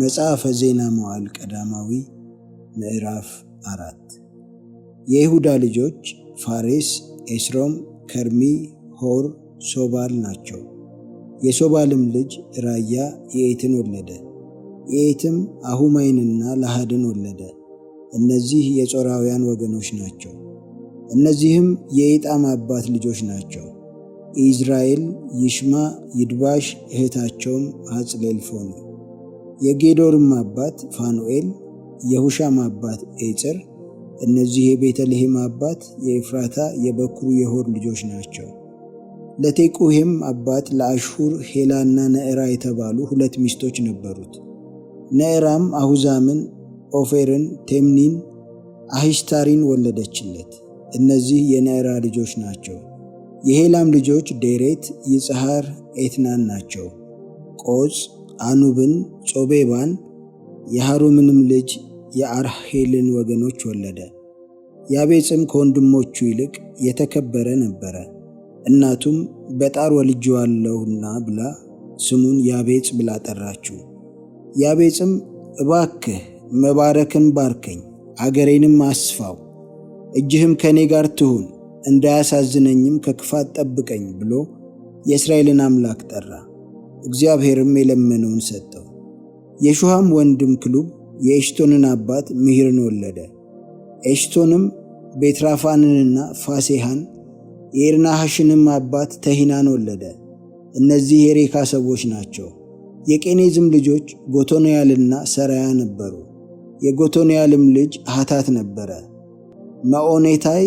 መጽሐፈ ዜና መዋዕል ቀዳማዊ ምዕራፍ አራት የይሁዳ ልጆች ፋሬስ፣ ኤስሮም፣ ከርሚ፣ ሆር፣ ሶባል ናቸው። የሶባልም ልጅ ራያ የኤትን ወለደ። የኤትም አሁማይንና ላሃድን ወለደ። እነዚህ የጾራውያን ወገኖች ናቸው። እነዚህም የኢጣም አባት ልጆች ናቸው። ኢዝራኤል፣ ይሽማ፣ ይድባሽ፣ እህታቸውም አጽሌልፎ ነው። የጌዶርም አባት ፋኑኤል፣ የሁሻም አባት ኤጽር። እነዚህ የቤተልሔም አባት የኤፍራታ የበኩሩ የሆር ልጆች ናቸው። ለቴቁሄም አባት ለአሽሁር ሄላና ነዕራ የተባሉ ሁለት ሚስቶች ነበሩት። ነዕራም አሁዛምን፣ ኦፌርን፣ ቴምኒን፣ አሂሽታሪን ወለደችለት። እነዚህ የነዕራ ልጆች ናቸው። የሄላም ልጆች ዴሬት፣ ይጽሐር፣ ኤትናን ናቸው። ቆጽ አኑብን፣ ጾቤባን የሐሩምንም ልጅ የአርሄልን ወገኖች ወለደ። ያቤጽም ከወንድሞቹ ይልቅ የተከበረ ነበረ። እናቱም በጣር ወልጄዋለሁና ብላ ስሙን ያቤጽ ብላ ጠራችው። ያቤጽም እባክህ መባረክን ባርከኝ፣ አገሬንም አስፋው፣ እጅህም ከእኔ ጋር ትሁን፣ እንዳያሳዝነኝም ከክፋት ጠብቀኝ ብሎ የእስራኤልን አምላክ ጠራ። እግዚአብሔርም የለመነውን ሰጠው። የሹሃም ወንድም ክሉብ የኤሽቶንን አባት ምሂርን ወለደ። ኤሽቶንም ቤትራፋንንና ፋሴሃን የኤርናሐሽንም አባት ተሂናን ወለደ። እነዚህ የሬካ ሰዎች ናቸው። የቄኔዝም ልጆች ጎቶንያልና ሰራያ ነበሩ። የጎቶንያልም ልጅ ሐታት ነበረ። መኦኔታይ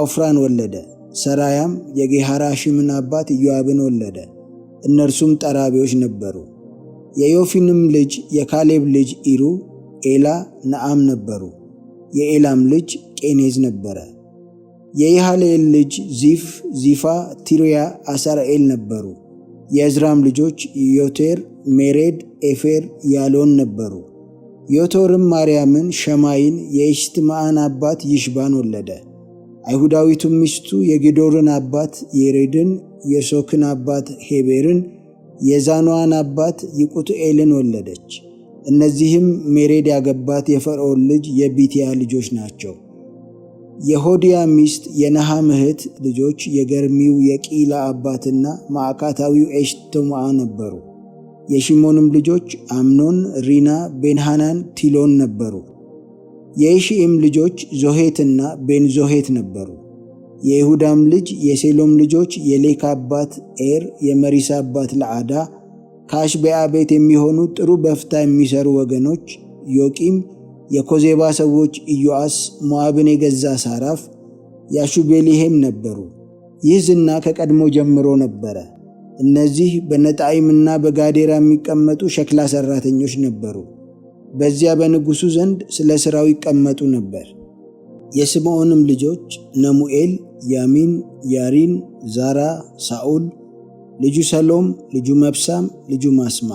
አውፍራን ወለደ። ሰራያም የጌሃራሽምን አባት ኢዮአብን ወለደ። እነርሱም ጠራቢዎች ነበሩ። የዮፊንም ልጅ የካሌብ ልጅ ኢሩ፣ ኤላ፣ ነአም ነበሩ። የኤላም ልጅ ቄኔዝ ነበረ። የይሃሌል ልጅ ዚፍ፣ ዚፋ፣ ቲሪያ አሳራኤል ነበሩ። የእዝራም ልጆች ዮቴር፣ ሜሬድ፣ ኤፌር፣ ያሎን ነበሩ። ዮቶርም ማርያምን፣ ሸማይን፣ የኢሽትማአን አባት ይሽባን ወለደ። አይሁዳዊቱም ሚስቱ የጌዶርን አባት የሬድን፣ የሶክን አባት ሄቤርን፣ የዛኗዋን አባት ይቁትኤልን ወለደች። እነዚህም ሜሬድ ያገባት የፈርዖን ልጅ የቢትያ ልጆች ናቸው። የሆዲያ ሚስት የነሃም እህት ልጆች የገርሚው የቂላ አባትና ማዕካታዊው ኤሽቶማአ ነበሩ። የሺሞንም ልጆች አምኖን፣ ሪና፣ ቤንሃናን፣ ቲሎን ነበሩ። የይሽኢም ልጆች ዞሄትና ቤንዞሄት ነበሩ። የይሁዳም ልጅ የሴሎም ልጆች የሌካ አባት ኤር፣ የመሪሳ አባት ለዓዳ፣ ከአሽቤያ ቤት የሚሆኑ ጥሩ በፍታ የሚሰሩ ወገኖች ዮቂም፣ የኮዜባ ሰዎች ኢዮአስ፣ ሞዓብን የገዛ ሳራፍ፣ ያሹቤሊሄም ነበሩ። ይህ ዝና ከቀድሞ ጀምሮ ነበረ። እነዚህ በነጣይምና በጋዴራ የሚቀመጡ ሸክላ ሠራተኞች ነበሩ። በዚያ በንጉሡ ዘንድ ስለ ሥራው ይቀመጡ ነበር። የስምዖንም ልጆች ነሙኤል፣ ያሚን፣ ያሪን፣ ዛራ፣ ሳኡል፣ ልጁ ሰሎም፣ ልጁ መብሳም፣ ልጁ ማስማ።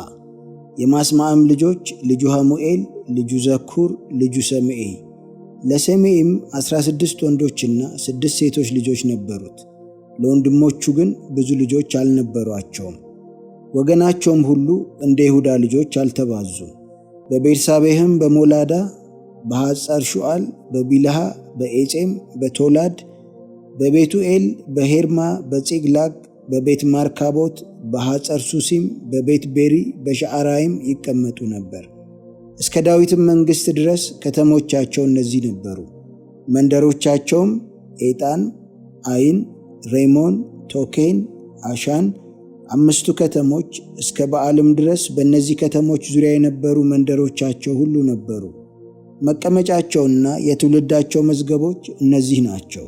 የማስማዕም ልጆች ልጁ ሐሙኤል፣ ልጁ ዘኩር፣ ልጁ ሰሜኤ። ለሰሜኤም 16 ወንዶችና ስድስት ሴቶች ልጆች ነበሩት። ለወንድሞቹ ግን ብዙ ልጆች አልነበሯቸውም። ወገናቸውም ሁሉ እንደ ይሁዳ ልጆች አልተባዙም። በቤርሳቤህም በሞላዳ በሐጻር ሹዓል፣ በቢልሃ፣ በኤጼም፣ በቶላድ፣ በቤቱኤል፣ በሄርማ፣ በጺቅላግ፣ በቤት ማርካቦት፣ በሐጸር ሱሲም፣ በቤት ቤሪ፣ በሻዕራይም ይቀመጡ ነበር። እስከ ዳዊትም መንግሥት ድረስ ከተሞቻቸው እነዚህ ነበሩ። መንደሮቻቸውም ኤጣን፣ አይን፣ ሬሞን፣ ቶኬን፣ አሻን አምስቱ ከተሞች እስከ በዓልም ድረስ በእነዚህ ከተሞች ዙሪያ የነበሩ መንደሮቻቸው ሁሉ ነበሩ። መቀመጫቸውና የትውልዳቸው መዝገቦች እነዚህ ናቸው።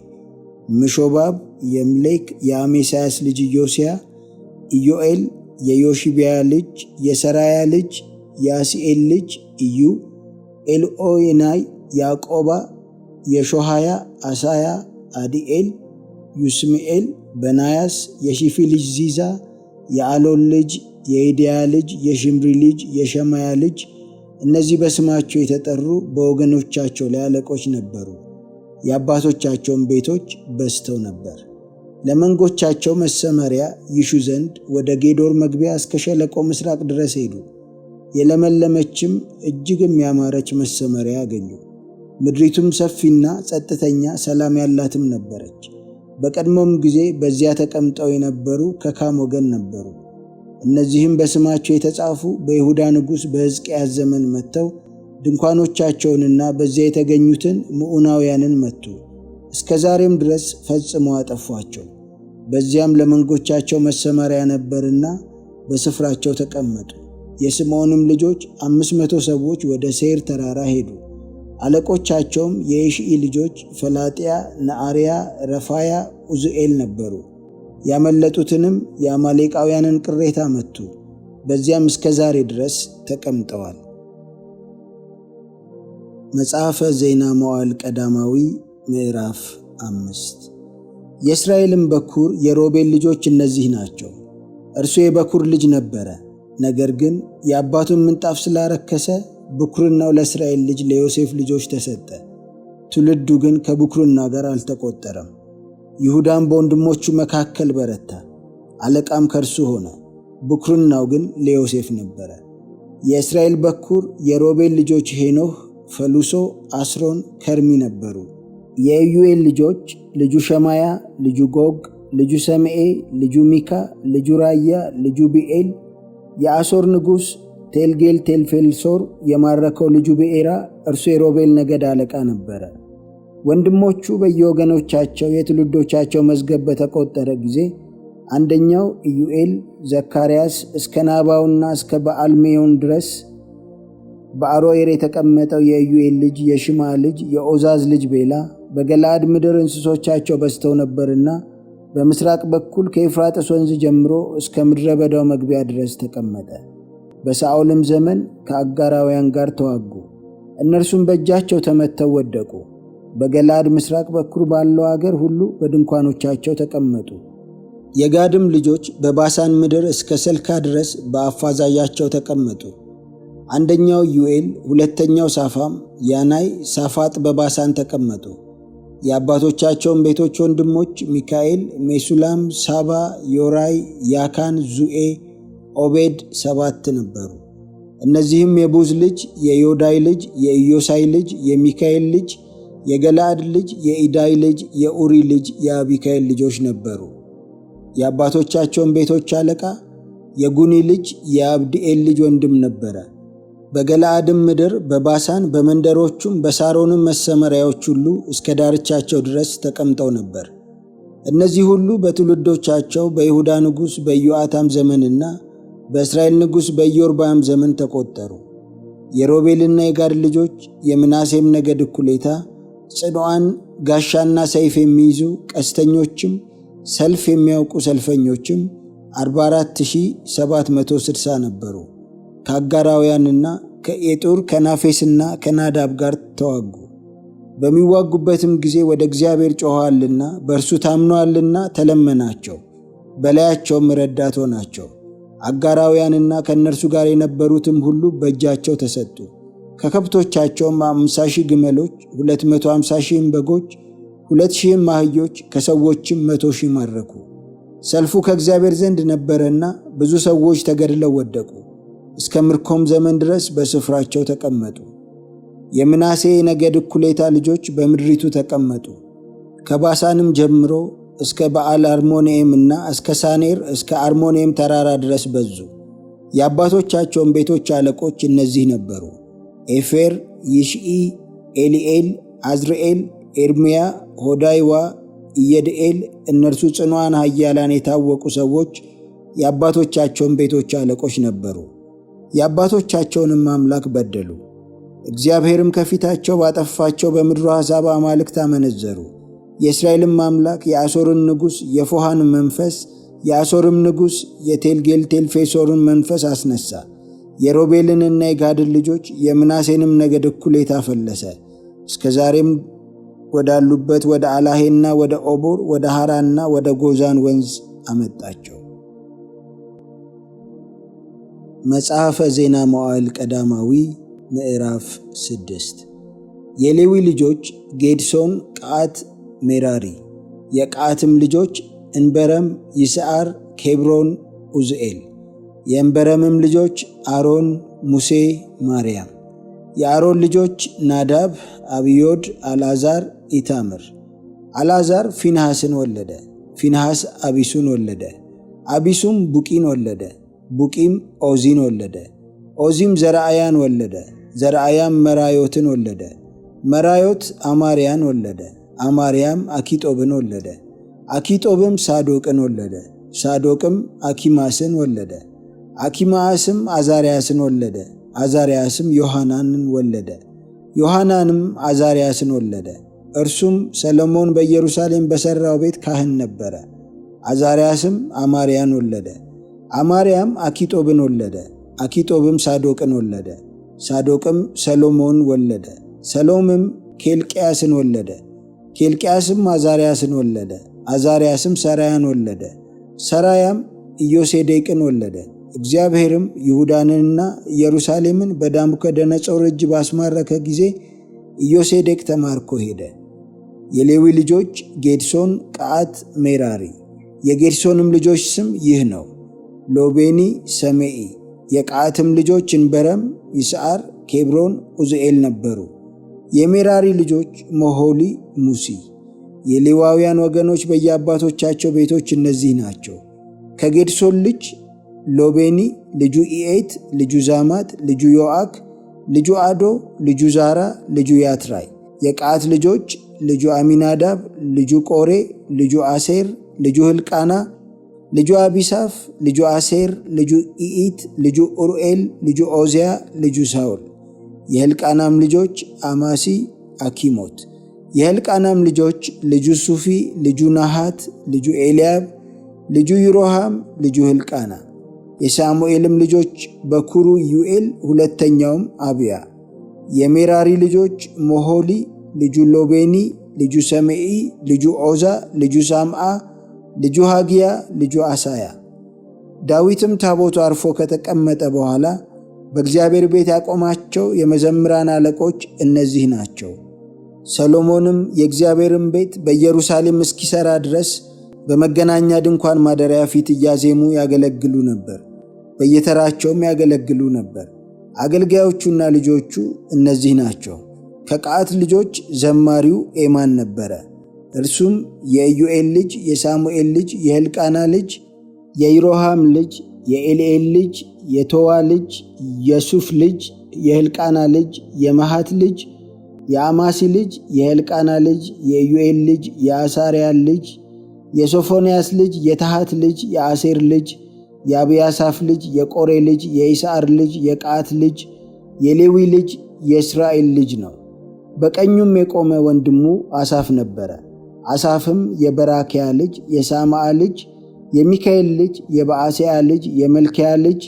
ምሾባብ የምሌክ የአሜሳያስ ልጅ ዮስያ ኢዮኤል የዮሺቢያ ልጅ የሰራያ ልጅ የአሲኤል ልጅ ኢዩ፣ ኤልኦይናይ፣ ያዕቆባ፣ የሾሃያ፣ አሳያ፣ አዲኤል፣ ዩስሚኤል፣ በናያስ፣ የሺፊ ልጅ ዚዛ፣ የአሎን ልጅ የኢድያ ልጅ የሽምሪ ልጅ የሸማያ ልጅ እነዚህ በስማቸው የተጠሩ በወገኖቻቸው ላይ አለቆች ነበሩ። የአባቶቻቸውን ቤቶች በዝተው ነበር። ለመንጎቻቸው መሰመሪያ ይሹ ዘንድ ወደ ጌዶር መግቢያ እስከ ሸለቆ ምስራቅ ድረስ ሄዱ። የለመለመችም እጅግ የሚያማረች መሰመሪያ አገኙ። ምድሪቱም ሰፊና ጸጥተኛ ሰላም ያላትም ነበረች። በቀድሞም ጊዜ በዚያ ተቀምጠው የነበሩ ከካም ወገን ነበሩ። እነዚህም በስማቸው የተጻፉ በይሁዳ ንጉሥ በሕዝቅያስ ዘመን መጥተው ድንኳኖቻቸውንና በዚያ የተገኙትን ምዑናውያንን መቱ፣ እስከ ዛሬም ድረስ ፈጽመው አጠፏቸው። በዚያም ለመንጎቻቸው መሰማሪያ ነበርና በስፍራቸው ተቀመጡ። የስምዖንም ልጆች አምስት መቶ ሰዎች ወደ ሴር ተራራ ሄዱ። አለቆቻቸውም የይሽዒ ልጆች ፈላጥያ፣ ነአርያ፣ ረፋያ፣ ኡዝኤል ነበሩ። ያመለጡትንም የአማሌቃውያንን ቅሬታ መቱ። በዚያም እስከ ዛሬ ድረስ ተቀምጠዋል። መጽሐፈ ዜና መዋዕል ቀዳማዊ ምዕራፍ አምስት የእስራኤልም በኩር የሮቤል ልጆች እነዚህ ናቸው። እርሱ የበኩር ልጅ ነበረ፣ ነገር ግን የአባቱን ምንጣፍ ስላረከሰ ብኩርናው ለእስራኤል ልጅ ለዮሴፍ ልጆች ተሰጠ። ትውልዱ ግን ከብኩርና ጋር አልተቆጠረም። ይሁዳም በወንድሞቹ መካከል በረታ፣ አለቃም ከእርሱ ሆነ። ብኩርናው ግን ለዮሴፍ ነበረ። የእስራኤል በኩር የሮቤል ልጆች ሄኖህ፣ ፈሉሶ፣ አስሮን፣ ከርሚ ነበሩ። የኢዩኤል ልጆች ልጁ ሸማያ፣ ልጁ ጎግ፣ ልጁ ሰምኤ፣ ልጁ ሚካ፣ ልጁ ራያ፣ ልጁ ቢኤል የአሶር ንጉሥ ቴልጌል ቴልፌልሶር የማረከው ልጁ ብኤራ፣ እርሱ የሮቤል ነገድ አለቃ ነበረ። ወንድሞቹ በየወገኖቻቸው የትውልዶቻቸው መዝገብ በተቆጠረ ጊዜ አንደኛው ኢዩኤል ዘካርያስ እስከ ናባውና እስከ በአልሜዮን ድረስ በአሮኤር የተቀመጠው የኢዩኤል ልጅ የሽማ ልጅ የኦዛዝ ልጅ ቤላ በገላአድ ምድር እንስሶቻቸው በዝተው ነበርና በምስራቅ በኩል ከኤፍራጥስ ወንዝ ጀምሮ እስከ ምድረ በዳው መግቢያ ድረስ ተቀመጠ። በሳኦልም ዘመን ከአጋራውያን ጋር ተዋጉ፣ እነርሱም በእጃቸው ተመተው ወደቁ። በገላድ ምስራቅ በኩል ባለው አገር ሁሉ በድንኳኖቻቸው ተቀመጡ። የጋድም ልጆች በባሳን ምድር እስከ ሰልካ ድረስ በአፋዛያቸው ተቀመጡ። አንደኛው ዩኤል፣ ሁለተኛው ሳፋም፣ ያናይ፣ ሳፋጥ በባሳን ተቀመጡ። የአባቶቻቸውን ቤቶች ወንድሞች ሚካኤል፣ ሜሱላም፣ ሳባ፣ ዮራይ፣ ያካን፣ ዙኤ፣ ኦቤድ ሰባት ነበሩ። እነዚህም የቡዝ ልጅ የዮዳይ ልጅ የኢዮሳይ ልጅ የሚካኤል ልጅ የገላአድ ልጅ የኢዳይ ልጅ የኡሪ ልጅ የአቢካኤል ልጆች ነበሩ። የአባቶቻቸውን ቤቶች አለቃ የጉኒ ልጅ የአብድኤል ልጅ ወንድም ነበረ። በገላአድም ምድር በባሳን በመንደሮቹም በሳሮንም መሰመሪያዎች ሁሉ እስከ ዳርቻቸው ድረስ ተቀምጠው ነበር። እነዚህ ሁሉ በትውልዶቻቸው በይሁዳ ንጉሥ በኢዮአታም ዘመንና በእስራኤል ንጉሥ በኢዮርባም ዘመን ተቆጠሩ። የሮቤልና የጋድ ልጆች የምናሴም ነገድ እኩሌታ ጽኗዋን ጋሻና ሰይፍ የሚይዙ ቀስተኞችም ሰልፍ የሚያውቁ ሰልፈኞችም 44760 ነበሩ። ከአጋራውያንና ከኤጡር ከናፌስና ከናዳብ ጋር ተዋጉ። በሚዋጉበትም ጊዜ ወደ እግዚአብሔር ጮኋልና በእርሱ ታምነዋልና ተለመናቸው፣ በላያቸውም ረዳት ሆናቸው። አጋራውያንና ከእነርሱ ጋር የነበሩትም ሁሉ በእጃቸው ተሰጡ። ከከብቶቻቸውም አምሳ ሺህ ግመሎች፣ ሁለት መቶ አምሳ ሺህም በጎች፣ ሁለት ሺህም አህዮች፣ ከሰዎችም መቶ ሺህ ማረኩ። ሰልፉ ከእግዚአብሔር ዘንድ ነበረና ብዙ ሰዎች ተገድለው ወደቁ። እስከ ምርኮም ዘመን ድረስ በስፍራቸው ተቀመጡ። የምናሴ የነገድ እኩሌታ ልጆች በምድሪቱ ተቀመጡ። ከባሳንም ጀምሮ እስከ በዓል አርሞንኤም እና እስከ ሳኔር እስከ አርሞንኤም ተራራ ድረስ በዙ። የአባቶቻቸውን ቤቶች አለቆች እነዚህ ነበሩ። ኤፌር፣ ይሽኢ፣ ኤሊኤል፣ አዝርኤል፣ ኤርምያ፣ ሆዳይዋ፣ ኢየድኤል እነርሱ ጽኗን ኃያላን የታወቁ ሰዎች የአባቶቻቸውን ቤቶች አለቆች ነበሩ። የአባቶቻቸውንም አምላክ በደሉ። እግዚአብሔርም ከፊታቸው ባጠፋቸው በምድሩ ሐሳብ አማልክት አመነዘሩ። የእስራኤልም አምላክ የአሶርን ንጉሥ የፎሃን መንፈስ የአሶርም ንጉሥ ቴልፌሶርን መንፈስ አስነሳ። የሮቤልንና የጋድን ልጆች የምናሴንም ነገድ እኩሌታ ፈለሰ። እስከ ዛሬም ወዳሉበት ወደ አላሄና ወደ ኦቦር ወደ ሐራና ወደ ጎዛን ወንዝ አመጣቸው። መጽሐፈ ዜና መዋዕል ቀዳማዊ ምዕራፍ ስድስት የሌዊ ልጆች ጌድሶን፣ ቃት፣ ሜራሪ። የቃትም ልጆች እንበረም፣ ይስዓር፣ ኬብሮን፣ ኡዝኤል የእንበረምም ልጆች አሮን፣ ሙሴ፣ ማርያም። የአሮን ልጆች ናዳብ፣ አብዮድ፣ አልዓዛር፣ ኢታምር። አልዓዛር ፊንሐስን ወለደ። ፊንሐስ አቢሱን ወለደ። አቢሱም ቡቂን ወለደ። ቡቂም ኦዚን ወለደ። ኦዚም ዘረአያን ወለደ። ዘረአያም መራዮትን ወለደ። መራዮት አማርያን ወለደ። አማርያም አኪጦብን ወለደ። አኪጦብም ሳዶቅን ወለደ። ሳዶቅም አኪማስን ወለደ። አኪማስም አዛርያስን ወለደ። አዛርያስም ዮሐናንን ወለደ። ዮሐናንም አዛርያስን ወለደ። እርሱም ሰለሞን በኢየሩሳሌም በሠራው ቤት ካህን ነበረ። አዛርያስም አማርያን ወለደ። አማርያም አኪጦብን ወለደ። አኪጦብም ሳዶቅን ወለደ። ሳዶቅም ሰሎሞን ወለደ። ሰሎምም ኬልቅያስን ወለደ። ኬልቅያስም አዛርያስን ወለደ። አዛርያስም ሰራያን ወለደ። ሰራያም ኢዮሴዴቅን ወለደ። እግዚአብሔርም ይሁዳንንና ኢየሩሳሌምን በናቡከደነፆር እጅ ባስማረከ ጊዜ ኢዮሴዴቅ ተማርኮ ሄደ። የሌዊ ልጆች ጌድሶን፣ ቀዓት፣ ሜራሪ። የጌድሶንም ልጆች ስም ይህ ነው፣ ሎቤኒ፣ ሰሜኢ። የቀዓትም ልጆች እንበረም፣ ይስዓር፣ ኬብሮን፣ ኡዝኤል ነበሩ። የሜራሪ ልጆች መሆሊ ሙሲ። የሌዋውያን ወገኖች በየአባቶቻቸው ቤቶች እነዚህ ናቸው። ከጌድሶን ልጅ ሎቤኒ፣ ልጁ ኢኤት፣ ልጁ ዛማት፣ ልጁ ዮአክ፣ ልጁ አዶ፣ ልጁ ዛራ፣ ልጁ ያትራይ። የቀዓት ልጆች ልጁ አሚናዳብ፣ ልጁ ቆሬ፣ ልጁ አሴር፣ ልጁ ህልቃና። ልጁ አቢሳፍ፣ ልጁ አሴር፣ ልጁ ኢኢት፣ ልጁ ኡርኤል፣ ልጁ ኦዚያ፣ ልጁ ሳውል። የህልቃናም ልጆች አማሲ፣ አኪሞት። የህልቃናም ልጆች ልጁ ሱፊ፣ ልጁ ናሃት፣ ልጁ ኤልያብ፣ ልጁ ይሮሃም፣ ልጁ ህልቃና። የሳሙኤልም ልጆች በኩሩ ዩኤል፣ ሁለተኛውም አብያ። የሜራሪ ልጆች ሞሆሊ፣ ልጁ ሎቤኒ፣ ልጁ ሰሜኢ፣ ልጁ ዖዛ፣ ልጁ ሳምዓ፣ ልጁ ሃግያ፣ ልጁ አሳያ። ዳዊትም ታቦቱ አርፎ ከተቀመጠ በኋላ በእግዚአብሔር ቤት ያቆማቸው የመዘምራን አለቆች እነዚህ ናቸው። ሰሎሞንም የእግዚአብሔርን ቤት በኢየሩሳሌም እስኪሠራ ድረስ በመገናኛ ድንኳን ማደሪያ ፊት እያዜሙ ያገለግሉ ነበር። በየተራቸውም ያገለግሉ ነበር። አገልጋዮቹና ልጆቹ እነዚህ ናቸው። ከቀዓት ልጆች ዘማሪው ኤማን ነበረ። እርሱም የኢዩኤል ልጅ፣ የሳሙኤል ልጅ፣ የሕልቃና ልጅ፣ የይሮሃም ልጅ፣ የኤልኤል ልጅ፣ የቶዋ ልጅ፣ የሱፍ ልጅ፣ የሕልቃና ልጅ፣ የመሃት ልጅ፣ የአማሲ ልጅ፣ የሕልቃና ልጅ፣ የኢዩኤል ልጅ፣ የአሳርያን ልጅ፣ የሶፎንያስ ልጅ፣ የታሃት ልጅ፣ የአሴር ልጅ የአብያሳፍ ልጅ የቆሬ ልጅ የኢሳር ልጅ የቃት ልጅ የሌዊ ልጅ የእስራኤል ልጅ ነው። በቀኙም የቆመ ወንድሙ አሳፍ ነበረ። አሳፍም የበራኪያ ልጅ የሳማአ ልጅ የሚካኤል ልጅ የበአሴያ ልጅ የመልኪያ ልጅ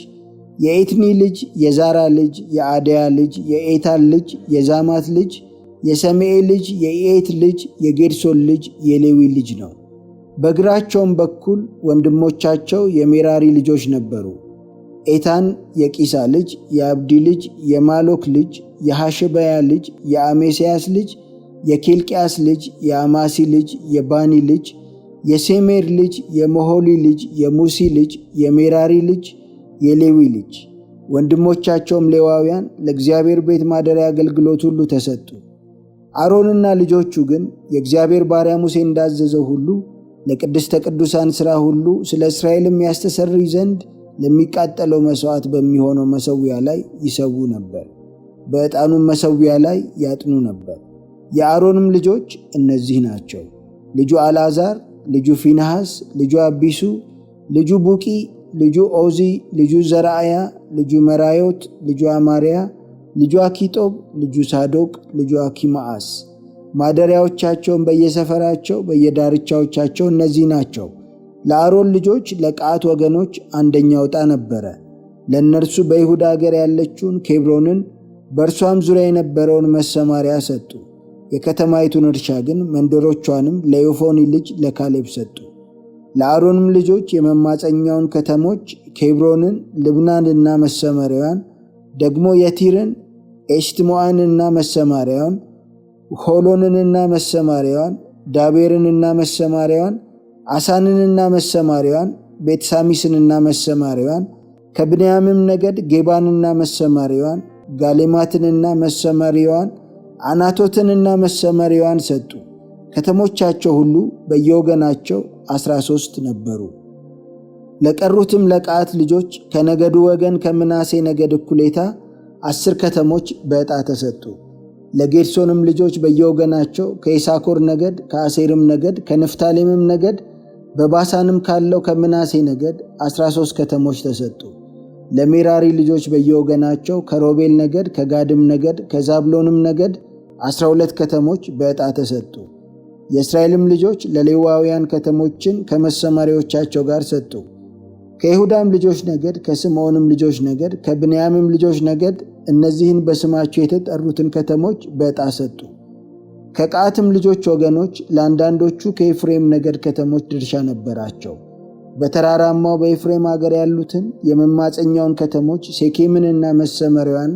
የኢትኒ ልጅ የዛራ ልጅ የአደያ ልጅ የኤታን ልጅ የዛማት ልጅ የሰሜኤ ልጅ የኢኤት ልጅ የጌድሶን ልጅ የሌዊ ልጅ ነው። በግራቸውም በኩል ወንድሞቻቸው የሜራሪ ልጆች ነበሩ። ኤታን የቂሳ ልጅ፣ የአብዲ ልጅ፣ የማሎክ ልጅ፣ የሐሽበያ ልጅ፣ የአሜስያስ ልጅ፣ የኬልቅያስ ልጅ፣ የአማሲ ልጅ፣ የባኒ ልጅ፣ የሴሜር ልጅ፣ የመሆሊ ልጅ፣ የሙሲ ልጅ፣ የሜራሪ ልጅ፣ የሌዊ ልጅ። ወንድሞቻቸውም ሌዋውያን ለእግዚአብሔር ቤት ማደሪያ አገልግሎት ሁሉ ተሰጡ። አሮንና ልጆቹ ግን የእግዚአብሔር ባሪያ ሙሴ እንዳዘዘው ሁሉ ለቅድስተ ቅዱሳን ሥራ ሁሉ ስለ እስራኤልም ያስተሰርይ ዘንድ ለሚቃጠለው መሥዋዕት በሚሆነው መሠዊያ ላይ ይሰዉ ነበር። በዕጣኑም መሠዊያ ላይ ያጥኑ ነበር። የአሮንም ልጆች እነዚህ ናቸው፤ ልጁ አልዓዛር፣ ልጁ ፊንሐስ፣ ልጁ አቢሱ፣ ልጁ ቡቂ፣ ልጁ ኦዚ፣ ልጁ ዘራእያ፣ ልጁ መራዮት፣ ልጁ አማርያ፣ ልጁ አኪጦብ፣ ልጁ ሳዶቅ፣ ልጁ አኪማአስ ማደሪያዎቻቸውን በየሰፈራቸው በየዳርቻዎቻቸው እነዚህ ናቸው። ለአሮን ልጆች ለቀዓት ወገኖች አንደኛ ዕጣ ነበረ። ለእነርሱ በይሁዳ አገር ያለችውን ኬብሮንን በእርሷም ዙሪያ የነበረውን መሰማሪያ ሰጡ። የከተማይቱን እርሻ ግን መንደሮቿንም ለዮፎኒ ልጅ ለካሌብ ሰጡ። ለአሮንም ልጆች የመማፀኛውን ከተሞች ኬብሮንን፣ ልብናንና መሰማሪያዋን ደግሞ የቲርን ኤሽትሞአንና መሰማሪያውን ሆሎንንና መሰማሪያዋን፣ ዳቤርንና መሰማሪያዋን፣ አሳንንና መሰማሪያዋን፣ ቤትሳሚስንና መሰማሪያዋን፣ ከብንያምም ነገድ ጌባንና መሰማሪያዋን፣ ጋሌማትንና መሰማሪያዋን፣ አናቶትንና መሰማሪያዋን ሰጡ። ከተሞቻቸው ሁሉ በየወገናቸው አስራ ሦስት ነበሩ። ለቀሩትም ለቀዓት ልጆች ከነገዱ ወገን ከምናሴ ነገድ እኩሌታ አስር ከተሞች በዕጣ ተሰጡ። ለጌድሶንም ልጆች በየወገናቸው ከኢሳኮር ነገድ፣ ከአሴርም ነገድ፣ ከንፍታሌምም ነገድ በባሳንም ካለው ከምናሴ ነገድ 13 ከተሞች ተሰጡ። ለሜራሪ ልጆች በየወገናቸው ከሮቤል ነገድ፣ ከጋድም ነገድ፣ ከዛብሎንም ነገድ 12 ከተሞች በዕጣ ተሰጡ። የእስራኤልም ልጆች ለሌዋውያን ከተሞችን ከመሰማሪዎቻቸው ጋር ሰጡ። ከይሁዳም ልጆች ነገድ፣ ከስምዖንም ልጆች ነገድ፣ ከብንያምም ልጆች ነገድ እነዚህን በስማቸው የተጠሩትን ከተሞች በዕጣ ሰጡ። ከቀዓትም ልጆች ወገኖች ለአንዳንዶቹ ከኤፍሬም ነገድ ከተሞች ድርሻ ነበራቸው። በተራራማው በኤፍሬም አገር ያሉትን የመማፀኛውን ከተሞች ሴኬምንና መሰመሪያን፣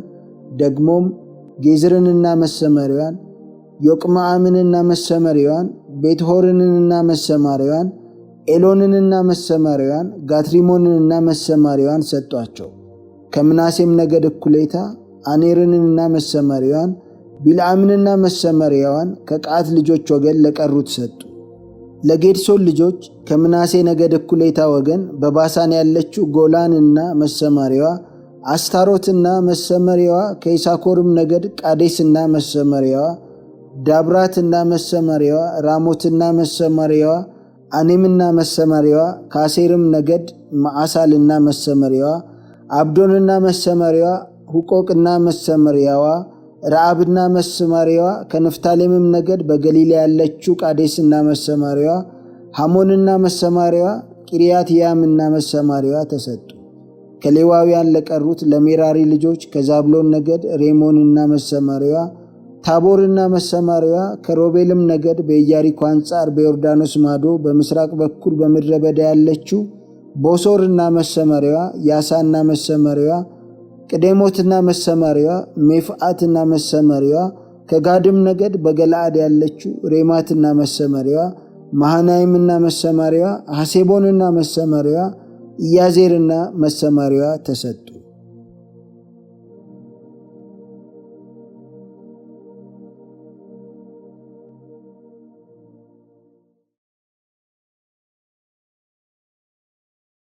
ደግሞም ጌዝርንና መሰመሪያን፣ ዮቅማአምንና መሰመሪያን፣ ቤትሆርንንና መሰማሪያን፣ ኤሎንንና መሰማሪያዋን፣ ጋትሪሞንንና መሰማሪያን ሰጧቸው። ከምናሴም ነገድ እኩሌታ አኔርንና መሰመሪያዋን ቢልዓምንና መሰመሪያዋን ከቀዓት ልጆች ወገን ለቀሩት ሰጡ። ለጌድሶን ልጆች ከምናሴ ነገድ እኩሌታ ወገን በባሳን ያለችው ጎላንና መሰመሪያዋ፣ አስታሮትና መሰመሪያዋ፣ ከይሳኮርም ነገድ ቃዴስና መሰመሪያዋ፣ ዳብራትና መሰመሪያዋ፣ ራሞትና መሰመሪያዋ፣ አኔምና መሰመሪያዋ፣ ከአሴርም ነገድ ማዓሳልና መሰመሪያዋ፣ አብዶንና መሰመሪያዋ ሁቆቅና መሰመሪያዋ፣ ረአብና መሰማሪያዋ፣ ከንፍታሌምም ነገድ በገሊላ ያለችው ቃዴስና መሰማሪያዋ፣ ሐሞንና መሰማሪያዋ፣ ቂርያትያምና መሰማሪያዋ ተሰጡ። ከሌዋውያን ለቀሩት ለሜራሪ ልጆች ከዛብሎን ነገድ ሬሞንና መሰማሪያዋ፣ ታቦርና መሰማሪያዋ፣ ከሮቤልም ነገድ በኢያሪኮ አንጻር በዮርዳኖስ ማዶ በምስራቅ በኩል በምድረ በዳ ያለችው ቦሶርና መሰማሪያዋ፣ ያሳና መሰማሪያዋ ቅዴሞትና መሰማሪዋ ሜፍአትና መሰመሪዋ ከጋድም ነገድ በገላአድ ያለችው ሬማትና መሰማሪያዋ፣ መሃናይምና መሰማሪዋ፣ ሐሴቦንና መሰማሪያዋ፣ ኢያዜርና መሰማሪዋ ተሰጡ።